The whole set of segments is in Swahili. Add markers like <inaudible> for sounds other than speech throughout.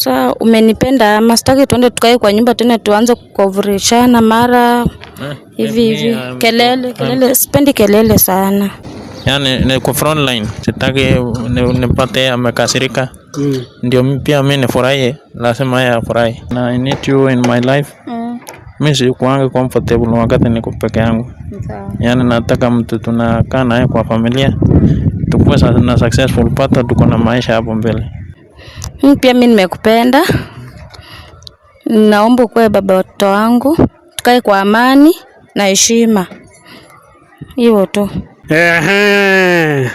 Sasa umenipenda ama sitaki tuende tukae kwa nyumba tena tuanze kukovurishana mara eh, hivi hivi, um, kelele um, kelele, sipendi kelele sana. Yani front line, sitaki nipate amekasirika. Mm. Ndio pia mimi nifurahie, lazima yeye afurahi, na I need you in my life. Mm. Mimi sikuanga comfortable wakati niko peke yangu. Sawa. Yani nataka mtu tunakaa naye kwa familia, tukuwe na successful, pata tuko na maisha hapo mbele. Mimi pia mimi nimekupenda, naomba ukuwe baba watoto wangu, tukae kwa amani na heshima, hiyo tu. Ehe.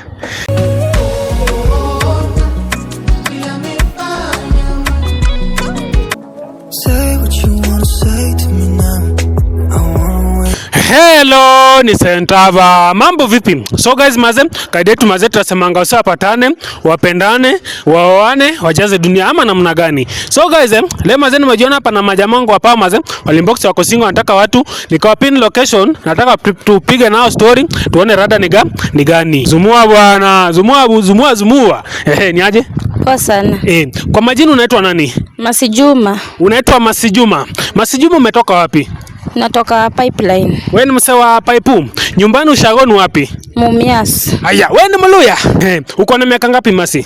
Hello, ni Sentava. Mambo vipi? So guys maze, kaida yetu maze tunasemanga usawa patane, wapendane, waoane, wajaze dunia ama namna gani? So guys, eh, leo maze nimejiona hapa na majamangu hapa maze, walimbox wako single nataka watu, nikawa pin location, nataka tupige nao story, tuone rada ni ni gani. Zumua bwana, zumua zumua zumua. Eh, ni aje? Poa sana. Eh, kwa majina unaitwa nani? Masijuma. Unaitwa Masijuma. Masijuma umetoka wapi? Natoka pipeline. Wewe ni mse wa pipe. Nyumbani ushagon wapi? Mumias. Aya, wewe ni Mluya. Eh, uko na miaka ngapi masi?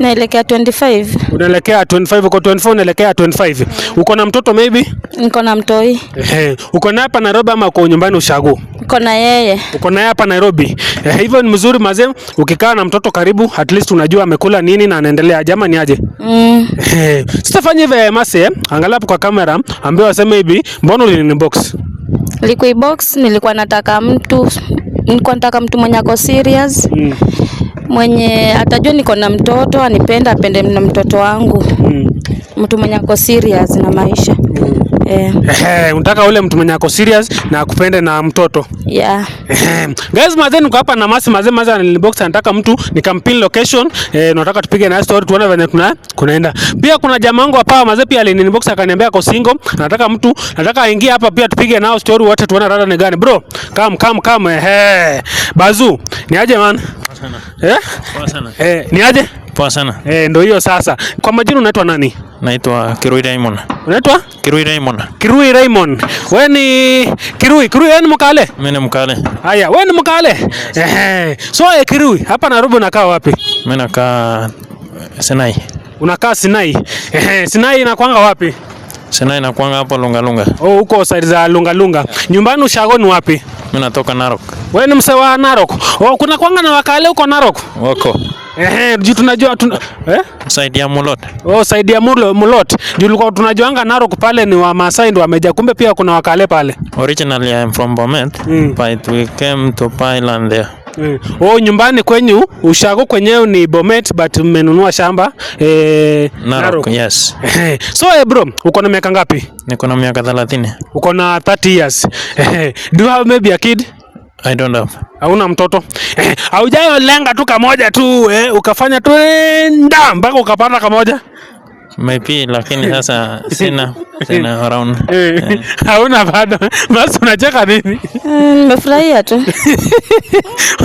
Naelekea 25. Unaelekea 25, uko 24, unaelekea 25. Uko na mtoto maybe? Niko na mtoi. Ehe. Uko na hapa Nairobi ama uko nyumbani ushago? Uko na yeye. Uko na hapa Nairobi. Ehe, hivyo ni mzuri mazee, ukikaa na mtoto karibu at least unajua amekula nini na anaendelea aje ama ni aje. Mm. Ehe. Sitafanya hivyo eh, mase, eh. angalia hapo kwa kamera, ambaye waseme hivi, mbona ulinibox? Liquid box nilikuwa nataka mtu nilikuwa nataka mtu mwenye ako serious. Mm mwenye atajua niko na mtoto anipenda apende na mtoto wangu, hmm. mtu mwenye ako serious na maisha. Hmm. Eh. Eh, unataka ule mtu mwenye ako serious na akupende na mtoto. Yeah. Eh. Guys, mazeni uko hapa na Masi mazeni mazeni na inbox anataka mtu nikampin location. Eh, nataka tupige na story tuone venye kuna kunaenda. Pia kuna jamaa wangu hapa mazeni pia alini inbox akaniambia ako single, Nataka mtu, nataka aingie hapa pia tupige nao story wote tuone rada ni gani. Bro, come come come. Eh. Bazu, ni aje man? Sana. Eh? Sana. Eh, ni aje? Poa sana. Eh, ndio hiyo sasa. Kwa majina unaitwa nani? Naitwa Kirui Raymond. Unaitwa? Kirui Raymond. Kirui Raymond. Wewe ni Kirui, Kirui wewe ni mkale? Mimi ni mkale. Haya, wewe ni mkale? Yes. Eh. So eh, Kirui, hapa Nairobi unakaa wapi? Mimi nakaa eh, Sinai. Unakaa Sinai? Eh, Sinai inakwanga wapi? Sinai inakwanga hapo Lunga Lunga. Oh, huko side za Lunga Lunga. Yeah. Nyumbani ushagoni wapi? Mimi natoka Narok. Wewe ni msewa Narok. Oh, kuna kwanga na wakale huko Narok? Wako. Ehe, juu tunajua eh? Saidia Mulot. Oh, Saidia Mulot. Juu tulikuwa tunajuanga Narok pale ni wa Maasai ndio wameja, kumbe pia kuna wakale pale. Originally from Bomet, mm. but we came to there. Mm. Oh, nyumbani kwenyu ushago kwenyewe ni Bomet but mmenunua shamba eh, Narok. Narok. Yes. so eh, bro, uko na miaka ngapi? Niko na miaka 30. Uko na 30 years. Do you have maybe a kid? I don't have. Hauna mtoto eh, haujayo tu kamoja tu eh, ukafanya tu eh, nda mpaka ukapata kamoja Maybe, lakini sasa <laughs> sina sina around. Eh, hauna bado. Basi unacheka nini? Nafurahia tu. <laughs>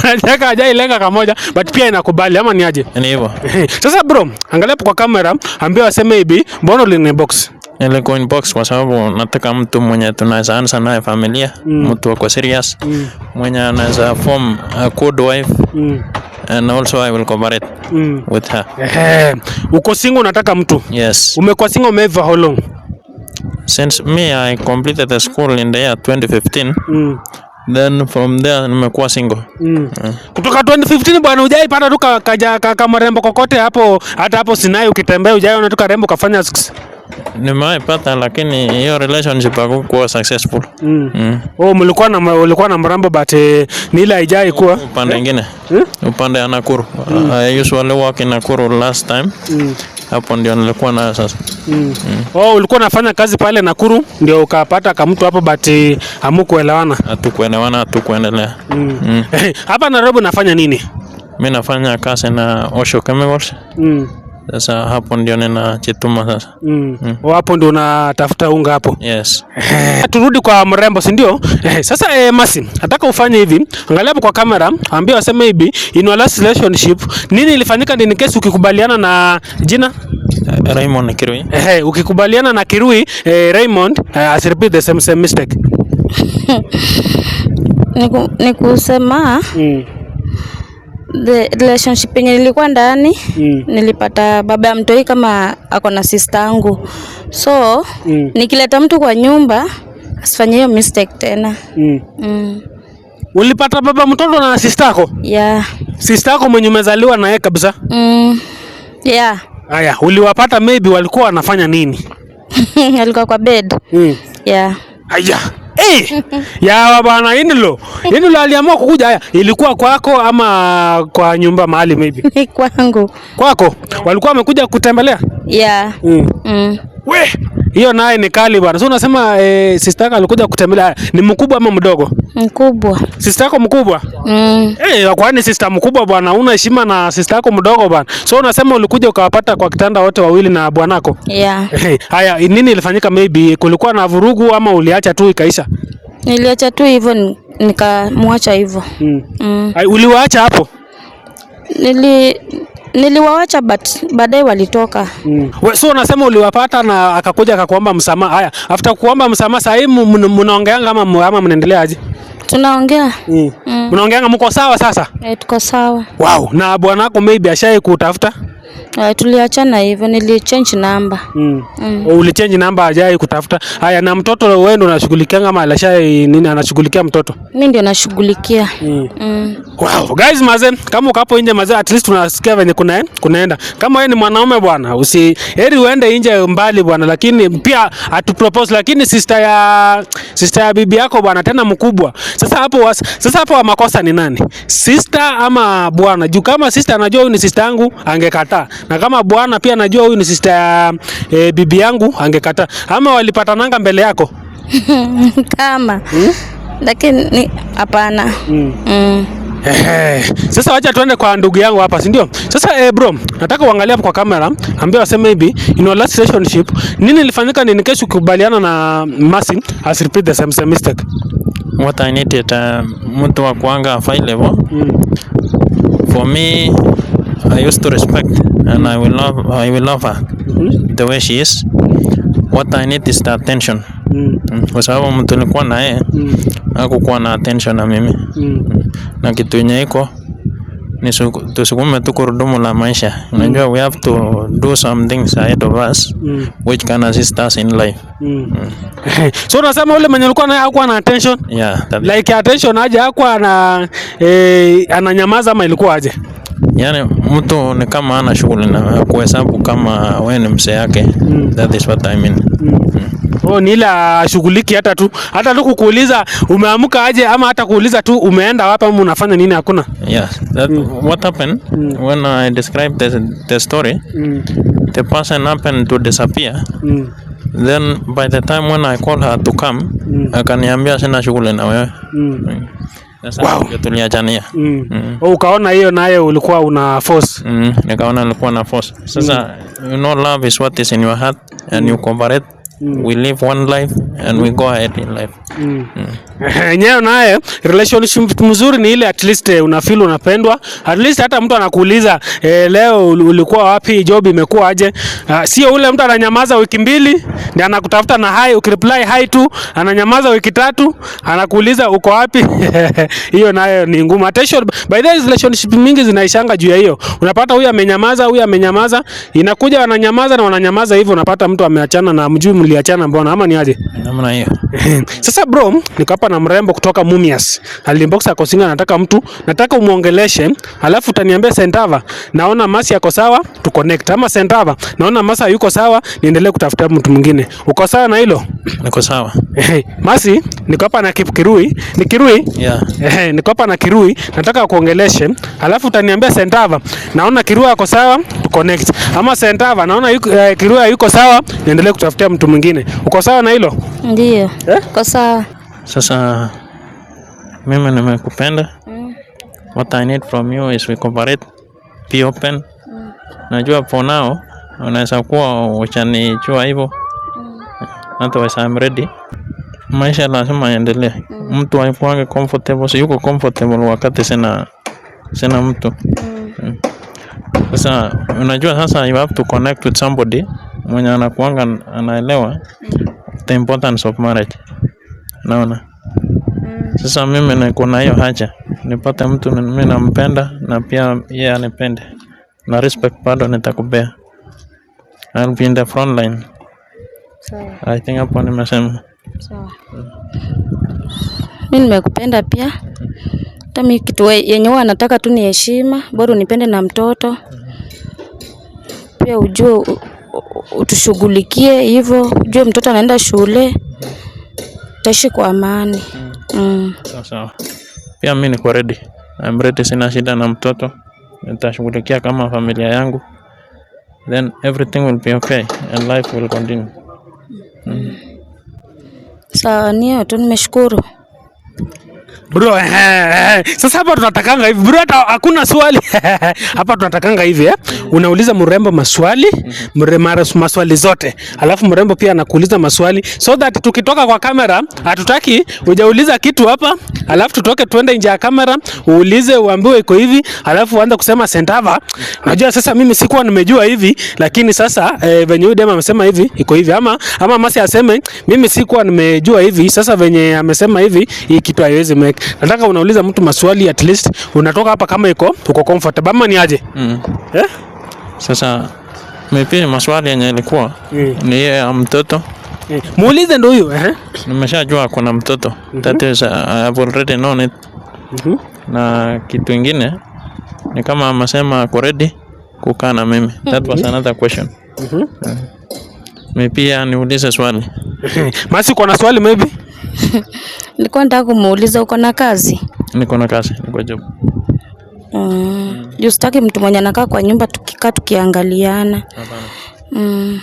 Unacheka ajai lenga kamoja but pia inakubali ama ni aje? Ni hivyo. Sasa bro, angalia kwa kamera, ambia waseme hivi, mbona ulinibox? ile coin box kwa sababu nataka mtu mwenye tunaweza anza naye familia mm. mtu wako serious mm. mwenye anaweza form a good wife mm. and also I will cooperate mm. with her. Ehe. Uko single unataka mtu? Yes. Umekuwa single umeiva how long? Since me I completed the school in the year 2015. Mm. Then from there nimekuwa single. Mm. Uh. Kutoka 2015 bwana hujai pata tu kaja kama rembo kokote hapo hata hapo Sinai ukitembea hujai unatoka rembo kafanya nimewapata lakini hiyo relationship hakukuwa successful. Mm. Mm. Oh, mlikuwa na ulikuwa na mrambo but eh, ni ile haijai kuwa upande mwingine. Eh? eh? Upande ya Nakuru. Mm. I usually work in Nakuru last time. Mm. Hapo ndio nilikuwa na sasa. Mm. Mm. Oh, ulikuwa unafanya kazi pale Nakuru ndio ukapata kamtu hapo but eh, hamukuelewana. Hatukuelewana, hatukuendelea. Mm. Mm. <laughs> Hapa Nairobi nafanya nini? Mimi nafanya kazi na Osho Chemicals. Mm. Sasa hapo ndio nina ninachituma sasa. Mm. Mm. Oh, hapo ndio unatafuta unga hapo. Yes. Eh, turudi kwa mrembo, si ndio? Eh, sasa eh, Masi, nataka ufanye hivi. Angalia hapo kwa kamera, ambia waseme hivi, in our last relationship, nini ilifanyika ndani kesi ukikubaliana na jina? Raymond Kirui. Eh, ukikubaliana na Kirui, eh, Raymond, eh, as repeat the same, same mistake. <laughs> Niku, nikusema mm the relationship yenye nilikuwa ndani mm. Nilipata baba ya mtoi kama ako na sister yangu, so mm. nikileta mtu kwa nyumba asifanye hiyo mistake tena mm. Mm. Ulipata baba mtoto na sister yako? Yeah. Sister yako mwenye umezaliwa naye kabisa? Mm. Yeah. Aya, uliwapata maybe walikuwa wanafanya nini? <laughs> alikuwa kwa bed. Mm. Yeah. Aya. Hey, eh, yawa bwana inilo inilo aliamua kukuja haya. Ilikuwa kwako ama kwa nyumba mahali maybe? <laughs> Ni kwangu. Kwako? Walikuwa wamekuja kutembelea? Yeah. Mm. Mm. We, hiyo naye ni kali bwana. So unasema eh, sister yako alikuja kutembelea ni mkubwa ama mdogo? Mkubwa. Sister yako mkubwa? Mm. Eh, kwani sister mkubwa bwana, una heshima na sister yako mdogo bwana. So unasema ulikuja ukawapata kwa kitanda wote wawili na bwanako? Yeah. Eh, haya, nini ilifanyika maybe kulikuwa na vurugu ama uliacha tu ikaisha? Niliacha tu hivyo nikamwacha hivyo. Mm. Mm. Uliwaacha hapo? Nili Niliwaacha but baadaye walitoka. Mm. sio unasema uliwapata na akakuja akakuomba msamaha. Haya, after kuomba msamaha sasa hivi mnaongeanga ama ama aje? Tunaongea. Mm. Mm. Mnaongeanga mko sawa sasa? Eh, tuko sawa. Wow, na bwana wako maybe ashai kutafuta? Uh, tuliachana hivyo nilichange namba. Mm. Mm. Oh, ulichange namba ajai kutafuta. Haya na mtoto wewe ndo unashughulikia kama alasha nini anashughulikia mtoto? Mimi ndio nashughulikia. Mm. Mm. Wow, guys maze, kama uko hapo nje maze at least tunasikia venye kuna kunaenda. Kama wewe ni mwanaume bwana, usi heri uende nje mbali bwana, lakini pia atu propose, lakini sister ya sister ya bibi yako bwana tena mkubwa. Sasa hapo was, sasa hapo makosa ni nani? Sister ama bwana? Juu kama sister anajua huyu ni sister yangu angekataa. Na kama bwana pia anajua huyu ni sister ya e, bibi yangu angekata Ama walipatananga mbele yako? <laughs> Kama. Hmm? Lakini hapana. Hmm. Mm. Hey, sasa wacha tuende kwa ndugu yangu hapa, si ndio? Sasa eh, bro, nataka uangalie hapo kwa kamera, ambie waseme hivi, in our last relationship, nini ilifanyika nini kesho ukubaliana na Masin as repeat the same, same mistake? What I needed, uh, mtu wa kuanga file level. Mm. For me I used to respect and I will love I will love her the way she is. What I need is the attention mm. kwa sababu mtu nilikuwa na yeye mm. hakukuwa na attention na mimi mm. na kitu yenye iko ni tusukume tu kurudumu la maisha unajua we have to do some things ahead of us which can assist us in life <laughs> so unasema yule mwenye alikuwa naye hakuwa na attention yeah, like attention aje hakuwa na eh, ananyamaza ama ilikuwa aje yani mtu ni kama ana shughuli na kuhesabu kama wewe ni mse yake mm. That is what I mean. Mm. Mm. Oh, ni ila shughuliki hata tu hata tu kukuuliza umeamka aje ama hata kuuliza tu umeenda wapi ama unafanya nini hakuna. Yes. That, mm. What happened mm. when I describe the, the story mm. the person happened to disappear mm. Then by the time when I call her to come mm. akaniambia sina shughuli na wewe mm. Mm wow. tuliachania mm. mm. Oh, ukaona hiyo nayo ulikuwa una force mm. nikaona nilikuwa na force sasa mm. you know love is what is in your heart and mm. you convert mm. we live one life and we go ahead in life. Yenyewe mm. Mm. <laughs> naye relationship mzuri ni ile at least eh, una feel unapendwa. At least hata mtu anakuuliza eh, leo ulikuwa wapi, job imekuwa aje? Uh, sio ule mtu ananyamaza wiki mbili ndio anakutafuta na hai, ukireply hai tu ananyamaza wiki tatu anakuuliza uko wapi? <laughs> Hiyo nayo ni ngumu. Attention, by the way relationship mingi zinaishanga juu ya hiyo. Unapata huyu amenyamaza, huyu amenyamaza, inakuja wananyamaza na wananyamaza hivyo unapata mtu ameachana na mjui mliachana mbona ama ni aje? namna hiyo. <laughs> Sasa bro, niko hapa na mrembo kutoka Mumias. Alinbox akosinga, nataka mtu, nataka umuongeleshe, alafu utaniambia Sentava, naona Masi yako sawa, tu connect ama Sentava, naona Masa yuko sawa, niendelee kutafuta mtu mwingine. Uko sawa na hilo? Niko sawa. Hey, Masi, niko hapa na Kirui. Ni Kirui? Yeah. Hey, niko hapa na Kirui. Nataka kuongeleshe. Alafu utaniambia Sentava. Naona Kirui ako sawa, tu connect. Ama Sentava, naona yuko, uh, Kirui yuko sawa, niendelee kutafutia mtu mwingine. Uko sawa na hilo? Ndio. Eh? Uko sawa. Sasa mimi nimekupenda. Mm. What I need from you is we cooperate. Be open. Mm. Najua for now unaweza kuwa uchanichua hivyo otherwise I'm ready. Maisha lazima yaendelee. Mm. Mtu aifuange comfortable, si yuko comfortable wakati sina sina mtu. Mm. mm. Sasa unajua sasa you have to connect with somebody mwenye anakuanga anaelewa mm. the importance of marriage. Naona. Mm. Sasa mimi niko na hiyo haja nipate mtu mimi nampenda na pia yeye anipende na respect bado nitakupea. I'll be in the front line. Sawa. I think hapo nimesema. Sawa. Mimi mm. nimekupenda pia. Hata mimi kitu yenye huwa nataka tu ni heshima, bora unipende na mtoto. Pia ujue utushughulikie hivyo, ujue mtoto anaenda shule, tashi kwa amani. Mm. mm. Sawa. Pia mimi niko ready. I'm ready, sina shida na mtoto. Nitashughulikia kama familia yangu. Then everything will be okay and life will continue. Mm. Sawa, niyo tu nimeshukuru. Bro, eh, eh, eh, Sasa hapa tunatakanga hivi bro, hata hakuna swali <laughs> hapa tunatakanga hivi eh. Unauliza mrembo maswali mrembo maswali zote, alafu mrembo pia anakuuliza maswali so that tukitoka kwa kamera hatutaki ujauliza kitu hapa, alafu tutoke tuende nje ya kamera uulize uambiwe iko hivi, alafu uanze kusema sentava. Najua sasa mimi sikuwa nimejua hivi, lakini sasa eh, venye huyu dema amesema hivi iko hivi, ama ama masi aseme mimi sikuwa nimejua hivi, sasa venye amesema hivi hii kitu haiwezi like nataka unauliza mtu maswali at least unatoka hapa kama iko uko comfortable ama ni aje? Mm. Eh? Sasa mimi maswali yenye ilikuwa mm. ni ya mtoto mm. Muulize ndio huyo eh? Nimeshajua kuna mtoto. Mm -hmm. That is uh, have already known it. Mm -hmm. Na kitu kingine ni kama amesema ko ready kukaa na mimi. That was mhm. another question. Mhm. Mm -hmm. Uh, mimi pia niulize swali. <laughs> Masi kuna swali maybe? <laughs> Nilikuwa nataka kumuuliza uko na kazi? Niko na kazi, niko job. Mm. Juu sitaki mtu mwenye anakaa kwa nyumba tukikaa tukiangaliana. Hapana. Mm.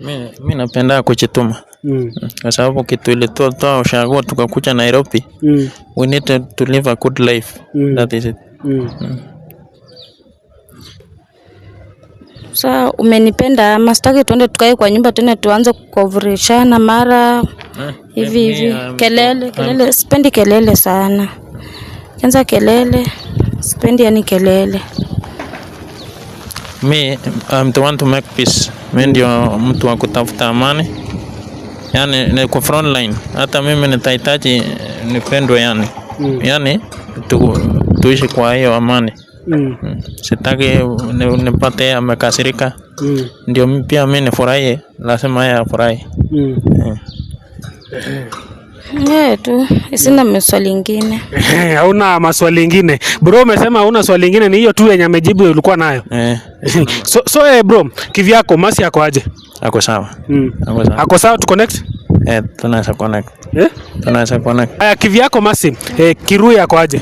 Mimi mimi napenda kuchituma. Mm. Kwa sababu kitu ile to to ushago tukakuja Nairobi. Mm. We need to, to live a good life. Mm. That is it. Mm. Mm. Sasa umenipenda ama sitaki tuende tukae kwa nyumba tena tuanze kukovurishana mara eh, hivi hivi. Kelele kelele, sipendi kelele sana. Kwanza kelele sipendi, yani kelele. Me I'm the one to make peace. Mimi ndio mtu wa kutafuta amani, yani ni kwa front line. Hata mimi nitahitaji nipendwe, yani hmm. yani tuishi kwa hiyo amani mm. sitaki nipate amekasirika mm. ndio pia mi nifurahie lazima yeye afurahi mm. yeah. Yeah, eh, tu sina maswali ingine. Hauna maswali ingine bro? Umesema hauna swali ingine, ni hiyo tu yenye amejibu ulikuwa nayo yeah. <laughs> so, so eh, bro kivyako masi yako aje? Ako sawa mm. Ako sawa, ako sawa, tu connect eh, tunaweza connect eh, tunaweza connect. Aya, kivyako masi eh, Kirui yako aje?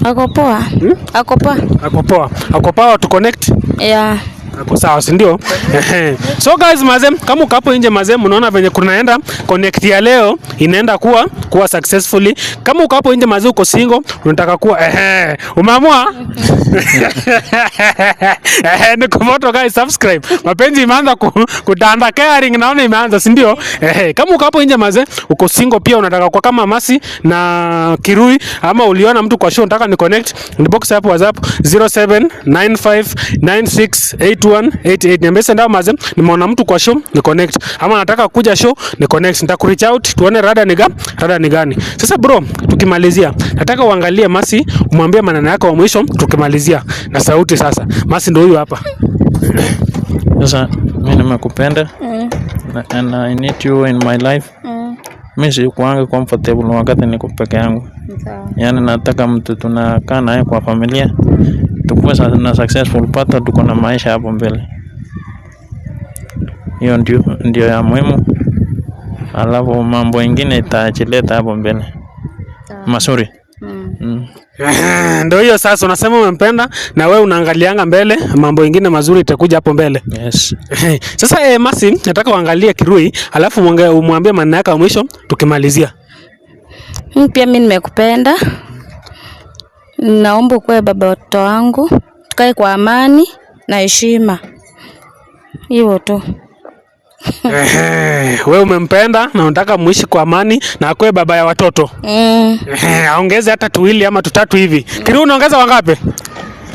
Ako poa. Hmm? Ako poa. Ako poa. Ako poa to connect? Yeah sawa, si ndio? <laughs> So guys, mazem, kama uko hapo nje mazem, unaona venye kunaenda connect ya leo inaenda kuwa kuwa successfully. Kama uko hapo nje mazem, uko single, unataka kuwa ehe, umeamua <laughs> ehe, ni kumoto guys, subscribe. Mapenzi imeanza kutanda caring, naona imeanza, si ndio? Ehe, kama uko hapo nje mazem, uko single pia unataka kuwa kama Masi na Kirui, ama uliona mtu kwa show unataka ni connect, inbox hapo WhatsApp 07959681 8188 niambie send out maze, nimeona mtu kwa show ni connect, ama nataka kuja show ni connect, nita nitakureach out tuone rada ni gani, rada ni gani. Sasa bro, tukimalizia nataka uangalie Masi, umwambie maneno yako ya mwisho tukimalizia na sauti. Sasa Masi ndio huyu hapa. Sasa mimi nimekupenda mm. and I need you in my life. Mm. Mimi sikuanga comfortable wakati niko peke yangu, yaani nataka mtu tunakaa naye kwa familia tukuwe na successful, pata tuko na maisha hapo mbele. Hiyo ndio, ndio ya muhimu, alafu mambo ingine itachileta hapo mbele masuri mm. Mm. <laughs> Ndio hiyo sasa, unasema umempenda na wewe unaangalianga mbele, mambo ingine mazuri itakuja hapo mbele. Yes. <laughs> Sasa eh, Masi, nataka uangalie Kirui, alafu umwambie maneno yako ya mwisho tukimalizia. Pia mimi nimekupenda. Naomba ukuwe baba watoto wangu, tukae kwa amani na heshima, hivyo tu. Ehe, we umempenda na unataka muishi kwa amani na akwe baba ya watoto mm. Ehe, aongeze hata tuwili ama tutatu hivi. Kiri unaongeza wangapi?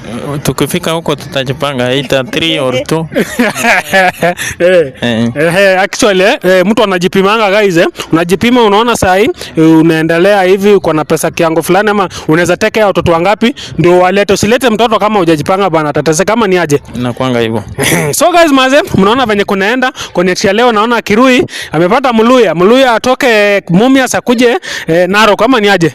Eh, tukifika huko tutajipanga ita 3 or 2. <laughs> Eh, eh, eh actually eh, mtu anajipimanga guys eh, unajipima unaona saa hii unaendelea hivi, uko na pesa kiango fulani, ama unaweza take ya watoto wangapi ndio walete. Usilete mtoto kama hujajipanga bwana atateseka kama ni aje, na kwanga hivyo. <laughs> So guys, maze mnaona venye kunaenda kwenye tia leo, naona Kirui amepata Mluya, Mluya atoke mumia sakuje eh, naro kama ni aje,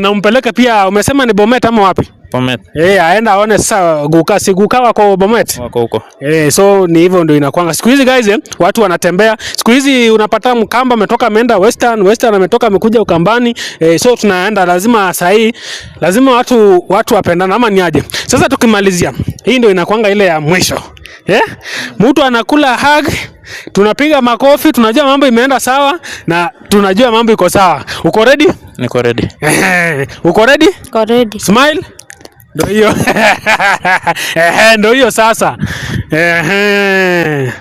na umpeleke pia, umesema ni Bomet ama wapi? Bomet. Eh, aenda aone sasa guka si guka wako Bomet. Wako huko. Eh, so ni hivyo ndio inakuanga. Siku hizi guys eh, watu wanatembea. Siku hizi unapata Mkamba ametoka ameenda Western, Western ametoka amekuja Ukambani. Eh, so tunaenda lazima hii Lazima watu watu wapendane ama ni aje. Sasa tukimalizia. Hii ndio inakuanga ile ya mwisho. Eh? Mtu anakula hug, tunapiga makofi, tunajua mambo imeenda sawa na tunajua mambo iko sawa. Uko ready? Niko ready. <laughs> Uko ready? Uko ready? Smile ndo hiyo <laughs> ehe, ndio hiyo sasa. Ehe,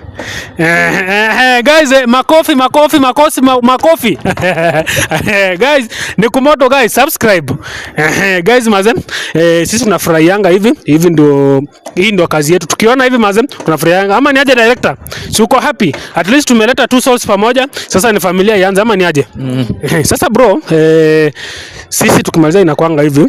ehe, guys, eh, makofi makofi makosi makofi <laughs> guys, ni kumoto guys, subscribe ehe, guys mazen, eh, sisi tunafurahianga hivi hivi, ndio hii ndio kazi yetu. Tukiona hivi mazen, tunafurahianga ama ni aje director, si uko happy? At least tumeleta two souls pamoja, sasa ni familia ianze ama ni aje? Mm. <laughs> Sasa bro, eh, sisi tukimaliza inakuanga hivi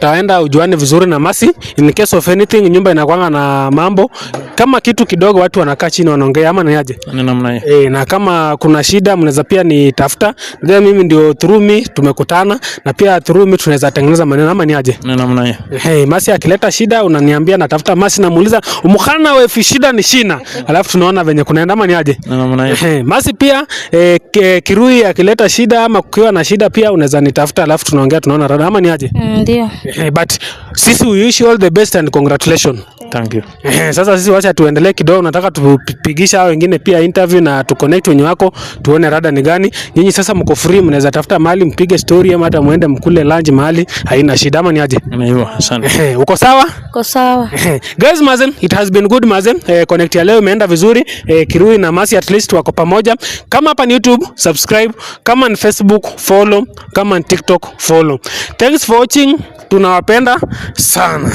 utaenda ujuane vizuri na Masi. In case of anything, nyumba inakwanga na mambo kama kitu kidogo, watu wanakaa chini wanaongea, ama ni aje ni namna hiyo eh. Na kama kuna shida, mnaweza pia nitafuta, ndio mimi ndio through me tumekutana, na pia through me tunaweza tengeneza maneno, ama ni aje ni namna hiyo eh. Masi akileta shida unaniambia, natafuta Mercy, namuuliza umkhana we fi shida ni shina, alafu tunaona venye kunaenda, ama ni aje ni namna hiyo eh. Masi pia eh, ke, Kirui akileta shida ama kukiwa na shida, pia unaweza nitafuta, alafu tunaongea, tunaona rada, ama ni aje, mm, ndio Eh, but sisi we wish you all the best and congratulations. Thank you. Eh, sasa sisi wacha tuendelee kidogo, nataka tupigisha hao wengine pia interview na tu connect wenye wako tuone rada ni gani. Nyinyi sasa mko free, mnaweza tafuta mahali mpige story ama hata muende mkule lunch mahali, haina shida ama ni aje? Asante. Eh, uko sawa? Uko sawa. Eh, guys, mazem, it has been good mazem. Eh, connect ya leo imeenda vizuri. Eh, Kirui na Masi at least wako pamoja. Kama hapa ni YouTube, subscribe. Kama ni Facebook, follow. Kama ni TikTok, follow. Thanks for watching tunawapenda sana.